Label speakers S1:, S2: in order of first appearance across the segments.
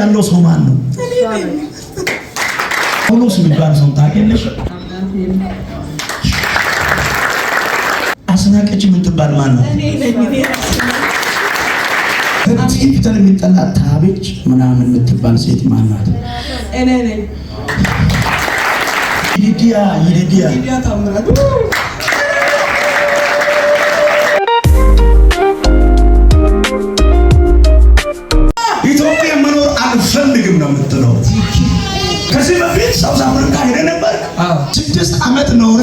S1: ያለው ሰው ማን ነው? ጳውሎስ የሚባል ሰው ታውቂያለሽ? አስናቀጭ የምትባል ማን ነው? ፊተር የሚጠላ ታቤች ምናምን የምትባል ሴት ማን ናት? ይዲያ ይዲዲያ ከዚህ በፊት ሳውዝ አፍሪካ ሄደ ነበር። ስድስት ዓመት ኖረ።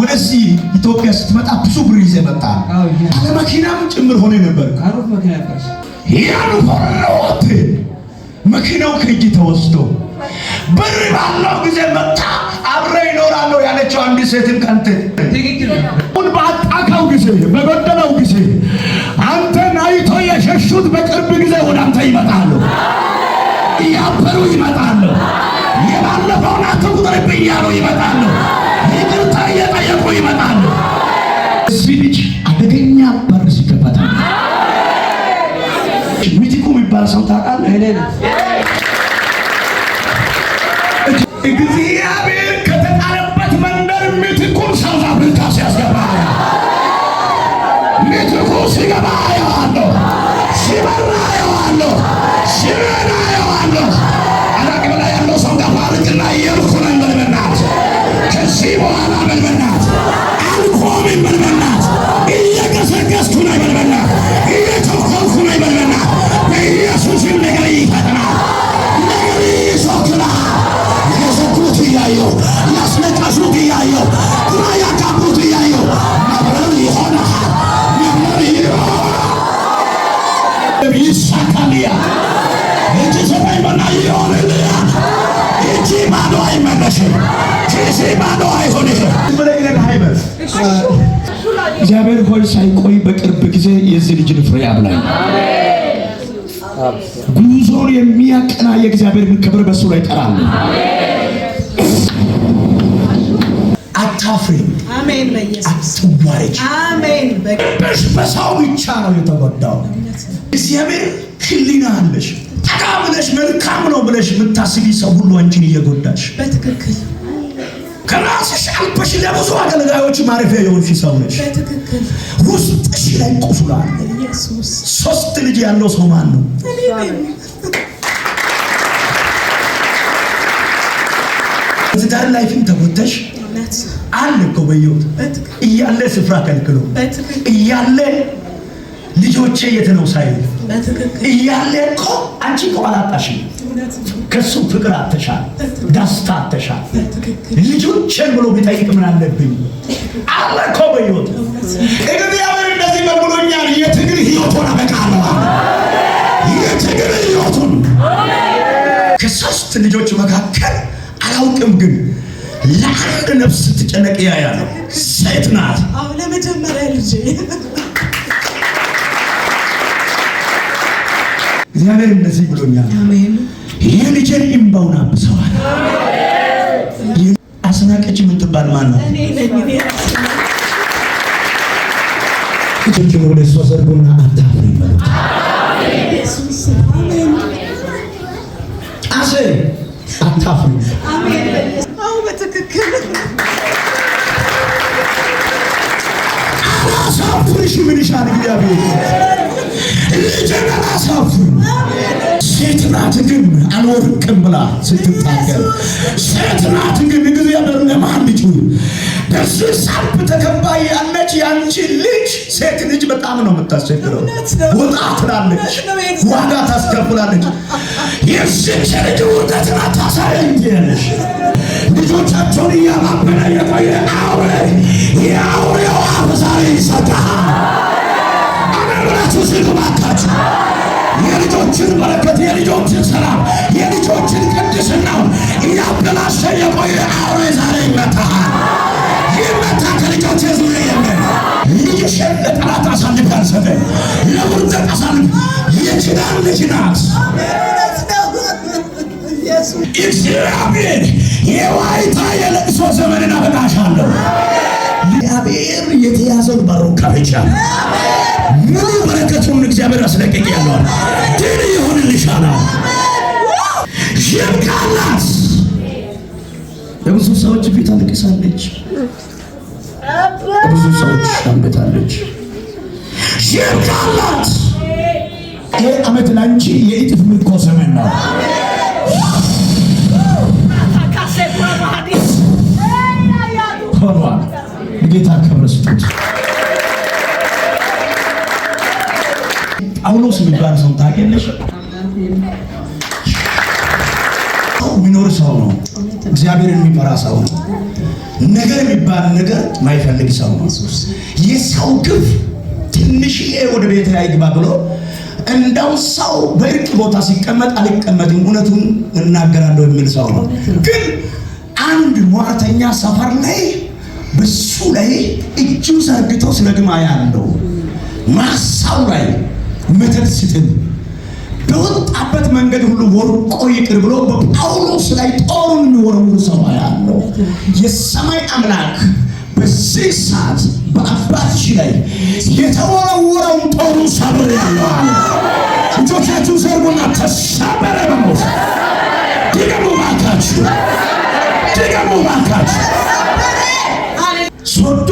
S1: ወደዚህ ኢትዮጵያ ስትመጣ ብዙ ብር ይዘ መጣ። አለመኪናም ጭምር ሆነ ነበር። ያሉ ሆነወት መኪናው ከእጅ ተወስዶ ብር ባለው ጊዜ መጣ። አብረ ይኖራለሁ ያለችው አንድ ሴትን ቀንት ሁን በአጣካው ጊዜ በበደለው ጊዜ አንተን አይቶ የሸሹት በቅርብ ጊዜ ወደ አንተ ይመጣሉ። እያበሩ ይመጣሉ። የባለፈውን አትቁጠርብኝ እያሉ ይመጣሉ። ይቅርታ እየጠየቁ ይመጣሉ። እዚህ ልጅ አደገኛ በር ሲከፈታል። ሚቲኩ የሚባል ሰው ታውቃለህ? እኔ እግዚአብሔር እግዚአብሔር ሆይ ሳይቆይ በቅርብ ጊዜ የዚህ ልጅን ፍሬ አብላኝ። ጉዞን የሚያቀና የእግዚአብሔር ክብር በሱ ላይ ይጠራል። አታፍሪ፣ አትዋረጅ። ብቻ ነው የተጎዳው። እግዚአብሔር ክሊና አለሽ ጠጋ ብለሽ መልካም ነው ብለሽ የምታስቢ ሰው ሁሉ አንቺን እየጎዳሽ በትክክል ከራስሽ አልፈሽ ለብዙ አገልጋዮች ማረፊያ የሆንሽ ሰው ነሽ። ውስጥሽ ላይ ቁስሏል። ሶስት ልጅ ያለው ሰው ማን ነው? ትዳር ላይፍም ተጎተሽ አለ እኮ በየወት እያለ ስፍራ ከልክሎ እያለ ልጆቼ የት ነው ሳይ እያለ እኮ አንቺ እኮ አላጣሽ ከሱ ፍቅር አተሻል፣ ዳስታ አተሻል። ልጆቼን ብሎ ቢጠይቅ ምን አለብኝ አለ እኮ በሕይወት እግዚአብሔር እንደዚህ በብሎኛል። የትግል ህይወቱን አበቃለዋ የትግል ህይወቱን ከሶስት ልጆች መካከል አላውቅም ግን ለአንድ ነፍስ ትጨነቅ ያያለው ሴት ናት።
S2: ለመጀመሪያ ልጄ
S1: እግዚአብሔር እንደዚህ ብሎኛል። ይህ ልጄን እምባውን አብሰዋል። አስናቀች የምትባል ማን ነው? ወደ እሷ ዘርጉና አታፍሪ በሉት። አሴ አታፍሪ።
S2: አዎ በትክክል
S1: አላሳፍርሽ ምንሻል እግዚአብሔር ልጅን አላሳፍርም። ሴት ናት ግን አልወድቅም ብላ ስትታገል፣ ሴት ናት ግን እግዚአብሔር ለማን ልጅ በዚህ ሳልፍ ተከባ ያለች ያንቺ ልጅ ሴት ልጅ በጣም ነው የምታስቸግረው። ውጣ ትላለች፣ ዋጋ ታስከፍላለች። የዚች ልጅ ውርደት ናት ታሳየንትነሽ ልጆቻቸውን እያባበለ የቆየ አውሬ የአውሬው አብዛሪ ይሰጥሃል እባካችሁ የልጆችን በረከት የልጆችን ሰላም የልጆችን ቅድስናው እያበላሸ የቆየ አውሬ ዛሬ ይመታሃል፣ ይመታ ከልጆች ዙሪያ የለም። ልጅሽን ለጠላት አሳልፍ ያልሰጠ ለውርደት አሳልፍ የችዳን ልጅ ናት። እግዚአብሔር የዋይታ የለቅሶ ዘመንን አበቃሻለሁ። እግዚአብሔር የተያዘውን በሩን ከፍቻለሁ። ሙሉ በረከቱን እግዚአብሔር አስለቀቅ ያለዋል። ድል ይሆንልሻል። ይብቃላት። ለብዙ ሰዎች ፊት አልቅሳለች፣ ብዙ ሰዎች አንብታለች። ይብቃላት። ይህ ዓመት ላንቺ የእጥፍ ምርኮ ዘመን ነው። ሆኗል። ጌታ ክብር ይስጡት። የለሽም። ሰው ሰው ነው። እግዚአብሔርን የሚፈራ ሰው ነው። ነገር የሚባል ነገር ማይፈልግ ሰው ነው። የሰው ግፍ ትንሽዬ ወደ ቤት አይግባ ብሎ እንዳው ሰው በእርቅ ቦታ ሲቀመጥ አልቀመጥም እውነቱን እናገራለሁ የሚል ሰው ነው። ግን አንድ ሟርተኛ ሰፈር ላይ በሱ ላይ እጁ ዘርግቶ ስለ ያለው ማሳው ላይ መተት ሲጥል በወጣበት መንገድ ሁሉ ወርቆ ይቅር ብሎ በጳውሎስ ላይ ጦሩን የሚወረውሩ ሰማይ አለው። የሰማይ አምላክ በዚህ ሰዓት በአባትሽ ላይ የተወረወረውን ጦሩ ሰብር ያለዋል። እጆቻችሁ ዘርጉና ተሰበረ በሞት ድገሙ ባካችሁ፣ ድገሙ ባካችሁ። ሶዶ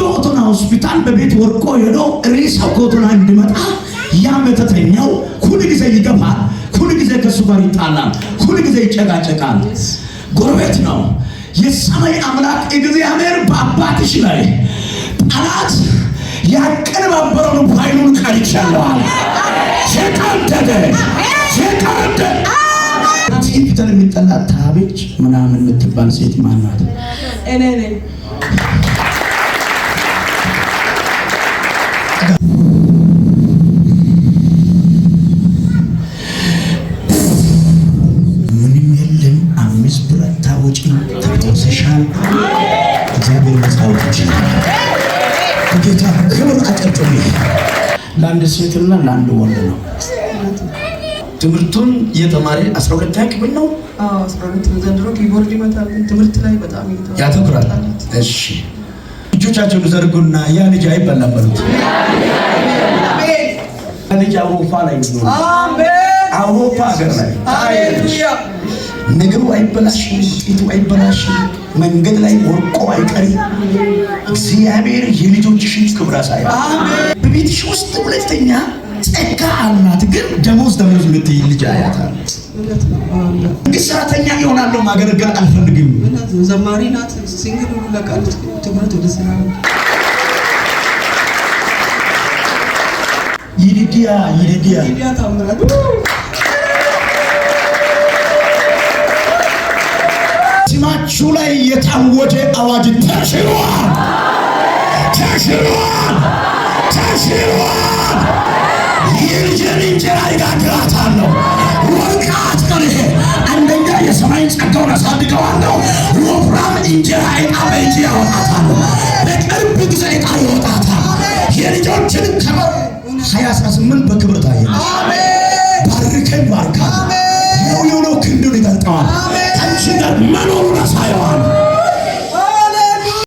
S1: ሆስፒታል በቤት ወርቆ ሄዶ ሬሳው እንዲመጣ መተተኛው ሁል ጊዜ ይገፋል፣ ሁል ጊዜ ከእሱ ጋር ይጣላል፣ ሁል ጊዜ ይጨቃጨቃል። ጎረቤት ነው። የሰማይ አምላክ እግዚአብሔር በአባትሽ ላይ ጠላት ያቀነባበረውን ኃይሉን ቀልቻለዋል። ሸጣን ደደ ሸጣን የሚጠላት ታቤች ምናምን የምትባል ሴት ማናት? እኔ ነኝ ወጪ ተጠቅሰሻል። እግዚአብሔር መስታወት ይችላል። ጌታ ክብር አጨብጭቡ። ለአንድ ሴትና ለአንድ ወንድ ነው። ትምህርቱን የተማሪ 12 ክፍል ነው።
S2: ዘንድሮ ኪቦርድ ይመታል። ትምህርት ላይ በጣም
S1: ያተኩራል። እሺ እጆቻቸውን ዘርጉና ያ ልጅ አይበላም በሉት። ልጅ አውሮፓ ላይ አውሮፓ ሀገር ላይ ነገሩ አይበላሽም፣ ውጤቱ አይበላሽም፣ መንገድ ላይ ወርቆ አይቀርም። እግዚአብሔር የልጆችሽን ክብር ያሳያል። በቤትሽ ውስጥ ሁለተኛ ጸጋ አላት፣ ግን ደሞዝ ደሞዝ የምትይ ልጅ አያታለች። እንግዲህ ሰራተኛ ይሆናለሁ ማገልገል አልፈልግም።
S2: ዘማሪ ናት፣ ሲንግል ሁሉ ለቃለች። ትምህርት ወደ ስራ
S1: ይልዲያ ይልዲያ በእሱ ላይ የታወጀ አዋጅ ተሽሯል፣ ተሽሯል፣ ተሽሯል። የልጅን እንጀራ ይጋግራታለሁ፣ ወርቅ አትቀርህ። አንደኛ የሰማይን ጸጋውን አሳድገዋለሁ። ወፍራም እንጀራ ዕጣ በእጅ ያወጣታለሁ። በቅርብ ጊዜ ዕጣ ይወጣታል። የልጆችን ከመ ሀያ አስራ ስምንት በክብር ታየች። ባርከን ባርካ ነው የሆነው ክንዱን ይገልጠዋል። ከአንቺ ጋር መኖሩ